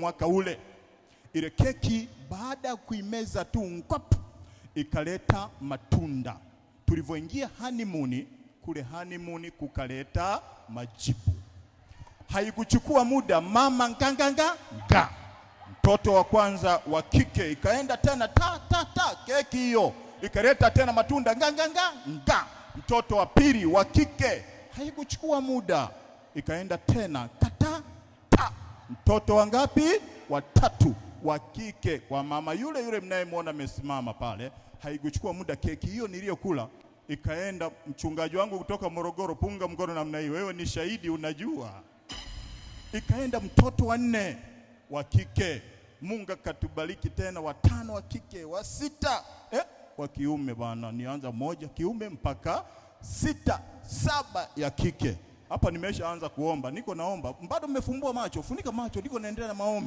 Mwaka ule ile keki baada ya kuimeza tu ngop, ikaleta matunda. Tulivyoingia honeymoon kule, honeymoon kukaleta majibu. Haikuchukua muda, mama nganganga nga, mtoto wa kwanza wa kike, ikaenda tena ta ta ta, keki hiyo ikaleta tena matunda nganganga nga, mtoto wa pili wa kike. Haikuchukua muda, ikaenda tena mtoto wangapi? Watatu wa kike kwa mama yule yule mnayemwona amesimama pale. Haikuchukua muda, keki hiyo niliyokula ikaenda. Mchungaji wangu kutoka Morogoro, punga mkono namna hiyo, wewe ni shahidi, unajua. Ikaenda mtoto wa nne wa kike, Mungu akatubariki tena, watano wa kike, wa sita eh, wa kiume bwana, nianza moja kiume mpaka sita, saba ya kike hapa nimeshaanza kuomba, niko naomba bado, mmefumbua macho, funika macho, niko naendelea na maombi.